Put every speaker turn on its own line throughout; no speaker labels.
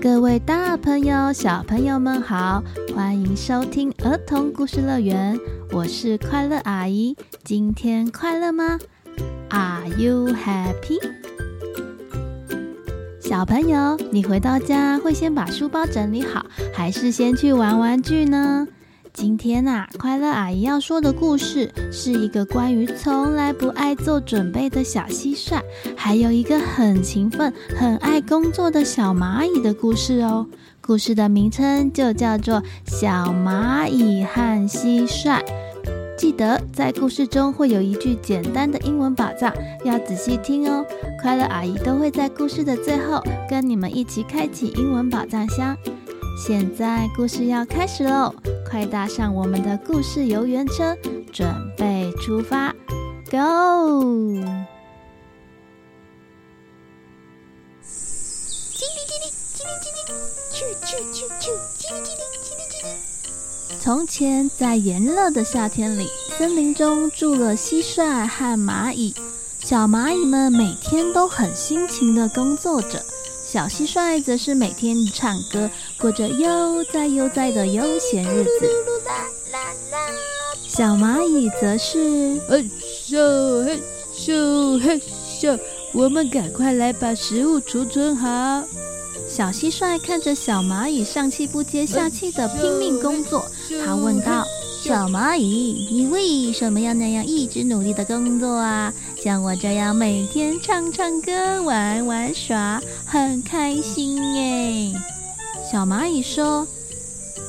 各位大朋友、小朋友們好，歡迎收聽兒童故事樂園，我是快樂阿姨。今天快樂嗎？Are you happy？小朋友，你回到家會先把書包整理好，還是先去玩玩具呢？今天啊，快樂阿姨要說的故事是一個關於從來不愛做準備的小蟋蟀，還有一個很勤奮、很愛工作的小螞蟻的故事哦。故事的名稱就叫做《小螞蟻和蟋蟀》。記得在故事中會有一句簡單的英文寶藏，要仔細聽哦。快樂阿姨都會在故事的最後跟你們一起開啟英文寶藏箱。現在故事要開始嘍。快搭上我們的故事遊園車，準備出發，Go！嘰哩嘰哩，嘰哩嘰哩，啾啾啾啾，嘰哩嘰哩，嘰哩嘰哩。從前，在炎熱的夏天裡，森林中住了蟋蟀和螞蟻。小螞蟻們每天都很辛勤的工作着。小蟋蟀則是每天唱歌，過着悠哉悠哉的悠閒日子。嚕嚕啦啦啦。小螞蟻則是，嘿咻，嘿咻，嘿咻。我們趕快來把食物儲存好。小蟋蟀看着小螞蟻上氣不接下氣的拼命工作，他問道：“小螞蟻，你為什麼要那樣一直努力的工作啊？”像我這樣每天唱唱歌，玩玩耍，很開心耶。小螞蟻說：“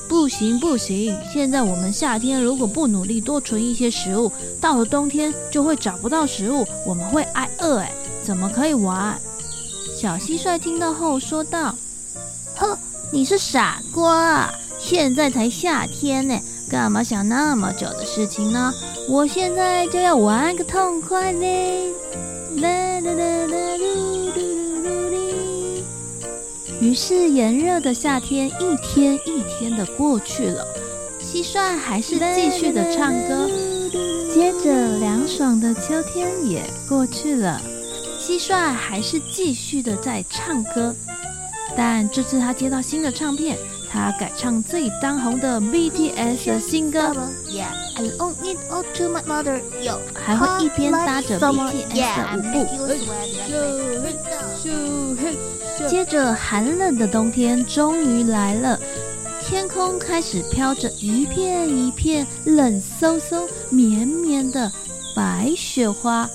不行不行，現在我們夏天如果不努力多存一些食物，到了冬天就會找不到食物，我們會挨餓哎，怎麼可以玩？”小蟋蟀聽到後說道：“哼，你是傻瓜，現在才夏天呢。”幹嘛想那麼久的事情呢？我現在就要玩個痛快嘞！於是炎熱的夏天一天一天的過去了，蟋蟀還是繼續的唱歌。接着涼爽的秋天也過去了，蟋蟀還是繼續的在唱歌。但這次它接到新的唱片。他改唱最當紅的 BTS 的新歌，還會一邊搭着 BTS 的舞步。接着，寒冷的冬天終於來了，天空開始飄着一片一片冷颼颼、綿綿的白雪花，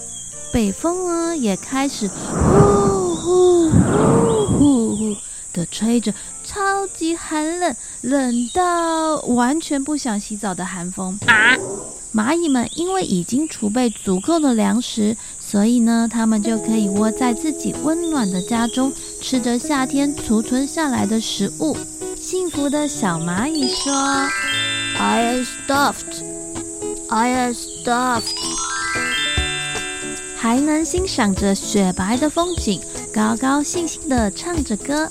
北風啊也開始呼呼呼呼呼呼的吹着。超級寒冷，冷到完全不想洗澡的寒風。啊，螞蟻們因為已經儲備足夠的糧食，所以呢，它們就可以窩在自己溫暖的家中，吃着夏天儲存下來的食物。幸福的小螞蟻說：“I am stuffed, I am stuffed。”還能欣賞着雪白的風景，高高興興地唱着歌。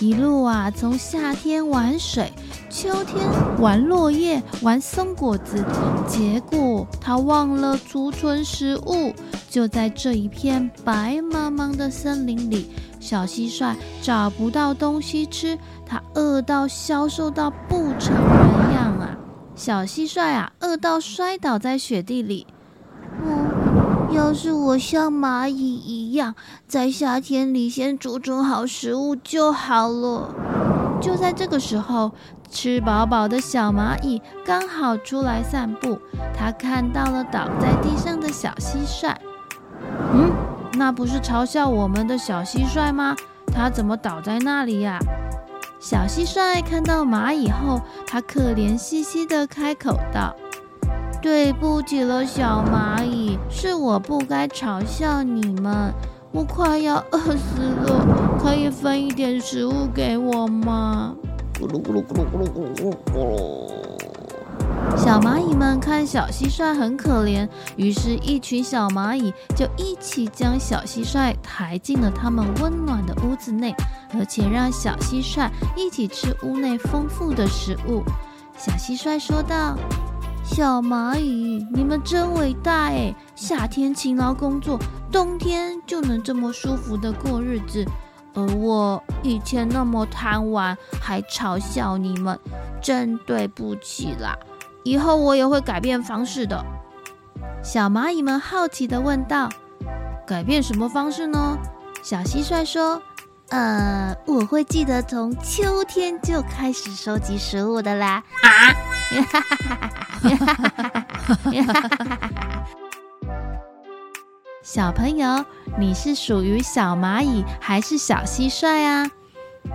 一路啊，從夏天玩水，秋天玩落葉，玩松果子，結果他忘了儲存食物。就在這一片白茫茫的森林裡，小蟋蟀找不到東西吃，它餓到消瘦到不成人樣啊！小蟋蟀啊，餓到摔倒在雪地裡。嗯、哦，要是我像螞蟻一樣，在夏天裡先煮煮好食物就好了。就在這個時候，吃飽飽的小螞蟻剛好出來散步，它看到了倒在地上的小蟋蟀。嗯，那不是嘲笑我們的小蟋蟀嗎？它怎麼倒在那裡呀、啊？小蟋蟀看到螞蟻後，它可憐兮兮地開口道。對不起了，小螞蟻，是我不該嘲笑你們。我快要餓死了，可以分一點食物給我嗎？咕嚕咕嚕咕嚕咕嚕咕嚕咕嚕咕嚕。小螞蟻們看小蟋蟀很可憐，於是，一群小螞蟻就一起將小蟋蟀抬進了他們溫暖的屋子內，而且讓小蟋蟀一起吃屋內豐富的食物。小蟋蟀說道，小螞蟻，你們真偉大哎！夏天勤勞工作，冬天就能這麼舒服的過日子。而我以前那麼貪玩，還嘲笑你們，真對不起啦！以後我也會改變方式的。小螞蟻們好奇地問道：“改變什麼方式呢？”小蟋蟀說：“呃，我會記得從秋天就開始收集食物的啦。”啊！哈， 小朋友，你是屬於小螞蟻還是小蟋蟀啊？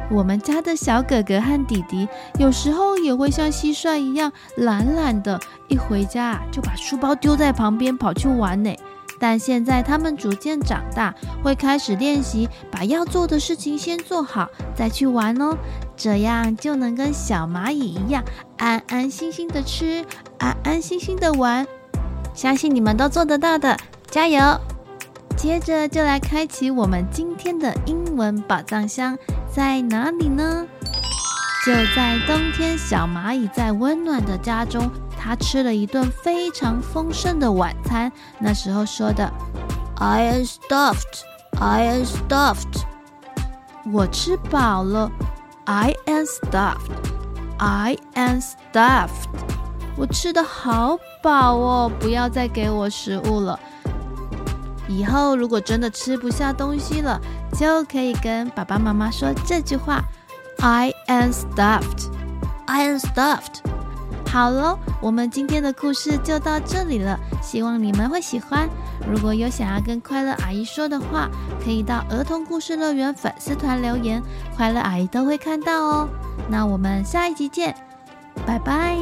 我們家的小哥哥和弟弟有時候也會像蟋蟀一樣懶懶的，一回家就把書包丟在旁邊跑去玩呢。但現在他們逐漸長大，會開始練習把要做的事情先做好，再去玩哦。這樣就能跟小螞蟻一樣，安安心心的吃，安安心心的玩。相信你們都做得到的，加油！接着就來開啟我們今天的英文寶藏箱，在哪裡呢？就在冬天，小螞蟻在溫暖的家中，它吃了一頓非常豐盛的晚餐。那時候說的，“I am stuffed, I am stuffed。”我吃飽了。I am stuffed. I am stuffed. 我吃得好飽哦，不要再給我食物了。以後如果真的吃不下東西了，就可以跟爸爸媽媽說這句話：I am stuffed. I am stuffed. 好囉，我們今天的故事就到這裡了，希望你們會喜歡。如果有想要跟快樂阿姨說的話，可以到兒童故事樂園粉絲團留言，快樂阿姨都會看到哦。那我們下一集見，拜拜。